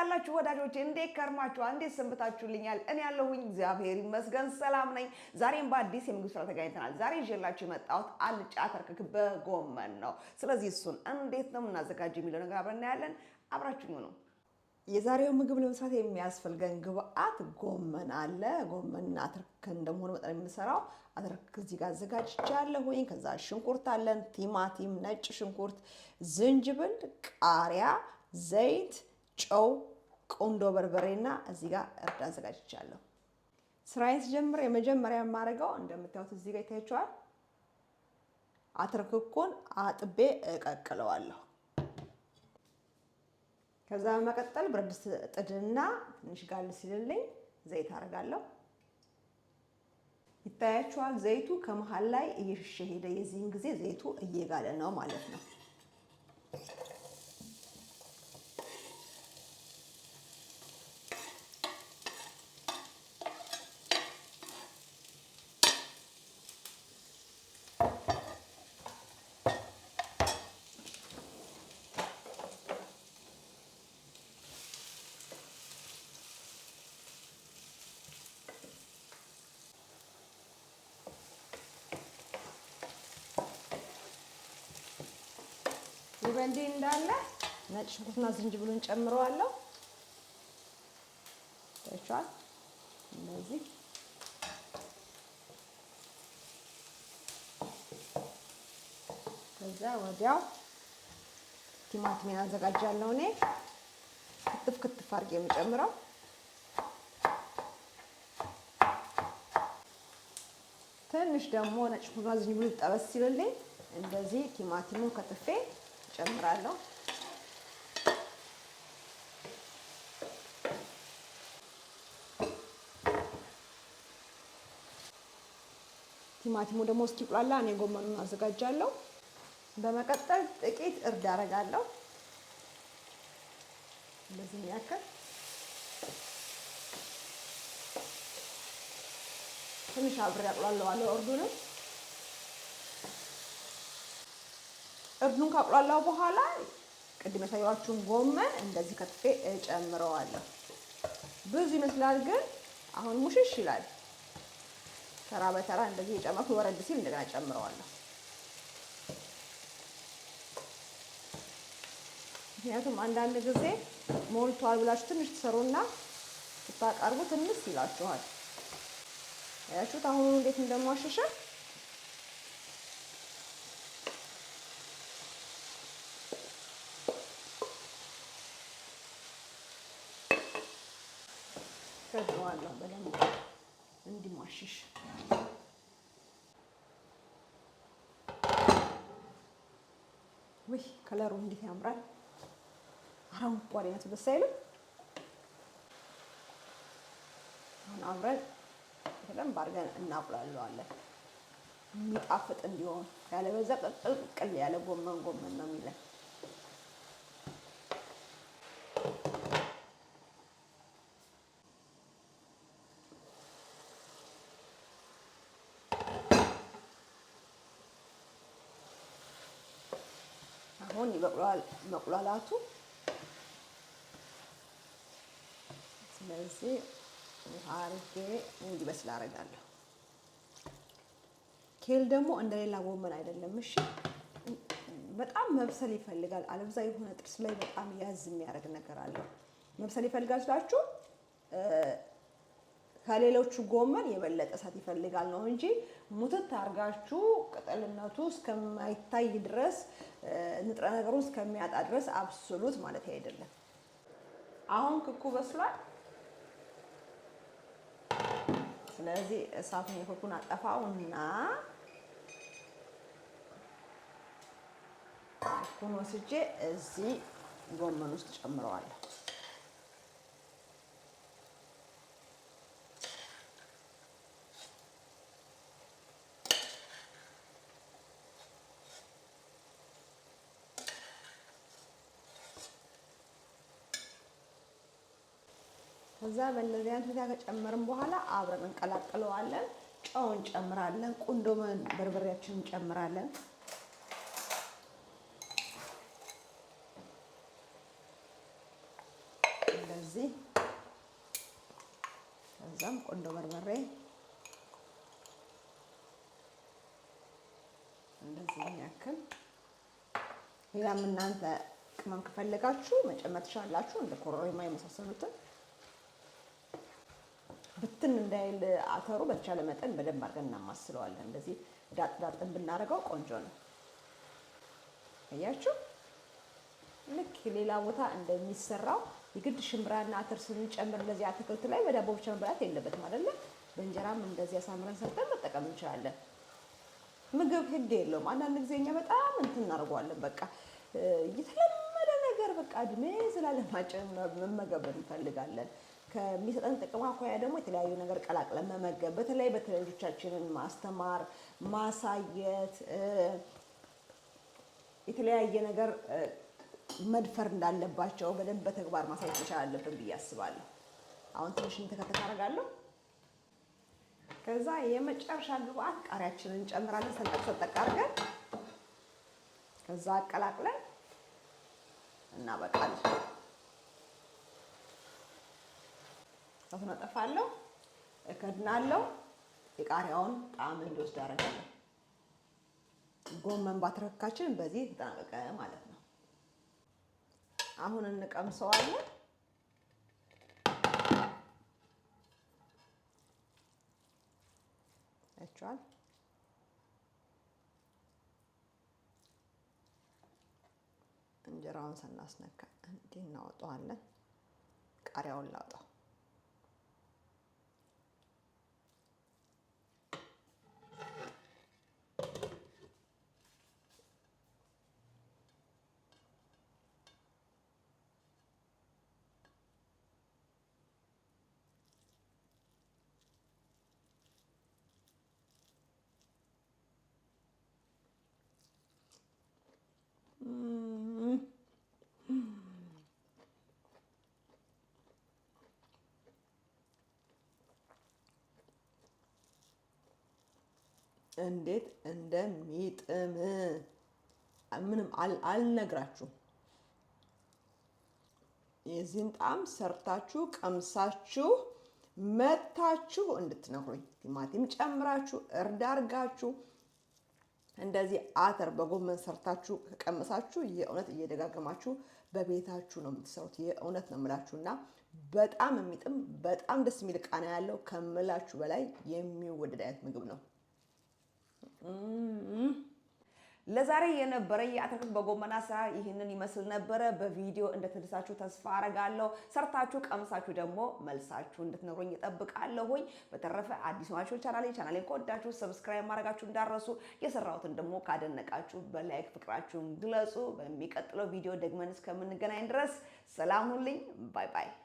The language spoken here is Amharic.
ያላችሁ ወዳጆች እንዴት ከርማችሁ? እንዴት ሰንብታችሁልኛል? እኔ ያለሁኝ እግዚአብሔር ይመስገን ሰላም ነኝ። ዛሬም በአዲስ የምግብ ስራ ተገናኝተናል። ዛሬ ይዤላችሁ የመጣሁት አልጫ ተርክክ በጎመን ነው። ስለዚህ እሱን እንዴት ነው የምናዘጋጅ የሚለው ነገር አብረን እናያለን። አብራችሁኝ ነው። የዛሬው ምግብ ለመስራት የሚያስፈልገን ግብአት ጎመን አለ። ጎመንና አተርክክ እንደመሆኑ መጠን የምንሰራው አተርክክ እዚህ ጋር አዘጋጅቻለሁኝ። ከዛ ሽንኩርት አለን፣ ቲማቲም፣ ነጭ ሽንኩርት፣ ዝንጅብል፣ ቃሪያ፣ ዘይት ጨው፣ ቆንዶ በርበሬና እዚህ ጋር እርድ አዘጋጅቻለሁ። ስራዬን ስጀምር የመጀመሪያ የማደርገው እንደምታዩት እዚህ ጋር ይታያችኋል። አትርክኩን አጥቤ እቀቅለዋለሁ። ከዛ በመቀጠል ብረት ድስት ጥድና ትንሽ ጋል ሲልልኝ ዘይት አደርጋለሁ። ይታያችኋል ዘይቱ ከመሀል ላይ እየሸሸ ሄደ። የዚህን ጊዜ ዘይቱ እየጋለ ነው ማለት ነው። በርበንዴ እንዳለ ነጭ ሽንኩርትና ዝንጅብሉን ጨምረዋለሁ። ታይቷል። እንደዚህ ከዛ ወዲያው ቲማቲሜን አዘጋጃለሁ። እኔ ክትፍ ክትፍ አድርጌ የምጨምረው ትንሽ ደግሞ ነጭ ሽንኩርትና ዝንጅብሉ ጠበስ ሲልልኝ እንደዚህ ቲማቲሙን ከትፌ ጨምራለሁ። ቲማቲሙ ደግሞ እስኪቁላላ እኔ ጎመኑን አዘጋጃለሁ። በመቀጠል ጥቂት እርድ አደርጋለሁ። እንደዚህ ያክል ትንሽ አብሬ አቁላለዋለሁ እርዱንም እርዱን ካቁላላው በኋላ ቅድም ያሳየኋችሁን ጎመን እንደዚህ ከትፌ እጨምረዋለሁ። ብዙ ይመስላል ግን አሁን ሙሽሽ ይላል። ተራ በተራ እንደዚህ የጨመርኩ ወረድ ሲል እንደገና ጨምረዋለሁ። ምክንያቱም አንዳንድ ጊዜ ሞልቷል ብላችሁ ትንሽ ትሰሩና ስታቀርቡ ትንሽ ይላችኋል። አያችሁት አሁኑ እንዴት እንደማሸሸ ውይ ከለሩ እንዴት ያምራል! አረንጓዴ ናት። ደስ አይልም? አሁን አብረን በደንብ አድርገን እናቁላለዋለን የሚጣፍጥ እንዲሆን። ያለበዛ ቅቅል ያለ ጎመን ጎመን ነው የሚለን አሁን መቁላላቱ ስለዚህ ውሃ አድርጌ እንዲበስል አደርጋለሁ። ኬል ደግሞ እንደሌላ ጎመን አይደለም። እሺ በጣም መብሰል ይፈልጋል። አለብዛ የሆነ ጥርስ ላይ በጣም ያዝ የሚያደርግ ነገር አለው። መብሰል ይፈልጋል ስላችሁ ከሌሎቹ ጎመን የበለጠ እሳት ይፈልጋል ነው እንጂ ሙትት አርጋችሁ ቅጠልነቱ እስከማይታይ ድረስ ንጥረ ነገሩን እስከሚያጣ ድረስ አብስሉት ማለት አይደለም። አሁን ክኩ በስሏል። ስለዚህ እሳቱን የክኩን አጠፋው እና ክኩን ወስጄ እዚህ ጎመን ውስጥ ጨምረዋለሁ። ከዛ በእንደዚህ አይነት ሁኔታ ከጨመርን በኋላ አብረን እንቀላቅለዋለን። ጨው እንጨምራለን። ቁንዶመን በርበሬያችን እንጨምራለን። እንደዚህ ከዛም ቁንዶ በርበሬ እንደዚህ ያክል። ሌላም እናንተ ቅመም ከፈለጋችሁ መጨመር ትችላላችሁ፣ እንደ ኮረሪማ የመሳሰሉትን ብትን እንዳይል አተሩ በተቻለ መጠን በደንብ አድርገን እናማስለዋለን። እንደዚህ ዳጥ ዳጥን ብናደርገው ቆንጆ ነው። እያችሁ ልክ ሌላ ቦታ እንደሚሰራው የግድ ሽምብራና አተር ስንጨምር ለዚህ አትክልት ላይ በዳቦ ብቻ መብላት የለበትም አይደለ? በእንጀራም እንደዚህ አሳምረን ሰርተን መጠቀም እንችላለን። ምግብ ህግ የለውም። አንዳንድ ጊዜ እኛ በጣም እንትን እናደርገዋለን። በቃ የተለመደ ነገር በቃ እድሜ ስላለማጨ መመገብ እንፈልጋለን። ከሚሰጠን ጥቅም አኳያ ደግሞ የተለያዩ ነገር ቀላቅለን መመገብ፣ በተለይ በተለይ ልጆቻችንን ማስተማር፣ ማሳየት፣ የተለያየ ነገር መድፈር እንዳለባቸው በደንብ በተግባር ማሳየት መቻል አለብን ብዬ አስባለሁ። አሁን ትንሽ እንተከተት አደርጋለሁ። ከዛ የመጨረሻ ግብአት ቃሪያችንን እንጨምራለን። ሰንጠቅ ሰንጠቅ አድርገን ከዛ አቀላቅለን እናበቃለን። እሳቱን አጠፋለሁ። እከድናለሁ። የቃሪያውን ጣዕም እንዲወስድ አደርጋለሁ። ጎመን ባትረካችን በዚህ ተጠናቀቀ ማለት ነው። አሁን እንቀምሰዋለን። ያቸዋል እንጀራውን ስናስነካ እንዲህ እናወጣዋለን። ቃሪያውን ላውጣው እንዴት እንደሚጥም ምንም አልነግራችሁም። የዚህን ጣዕም ሰርታችሁ ቀምሳችሁ መታችሁ እንድትነግሩኝ ቲማቲም ጨምራችሁ እርድ አርጋችሁ እንደዚህ አተር በጎመን ሰርታችሁ ከቀመሳችሁ የእውነት እየደጋገማችሁ በቤታችሁ ነው የምትሰሩት። የእውነት ነው የምላችሁ እና በጣም የሚጥም በጣም ደስ የሚል ቃና ያለው ከምላችሁ በላይ የሚወደድ አይነት ምግብ ነው። ለዛሬ የነበረ የአትክልት በጎመን አሰራር ይህንን ይመስል ነበረ። በቪዲዮ እንደተደሳችሁ ተስፋ አረጋለሁ። ሰርታችሁ ቀምሳችሁ ደግሞ መልሳችሁ እንድትነግሩኝ እጠብቃለሁኝ። በተረፈ አዲስ ማቾች ቻናሌ ቻናሌን ከወዳችሁ ሰብስክራይብ ማድረጋችሁ እንዳረሱ፣ የሰራሁትን ደግሞ ካደነቃችሁ በላይክ ፍቅራችሁን ግለጹ። በሚቀጥለው ቪዲዮ ደግመን እስከምንገናኝ ድረስ ሰላም ሁልኝ። ባይ ባይ።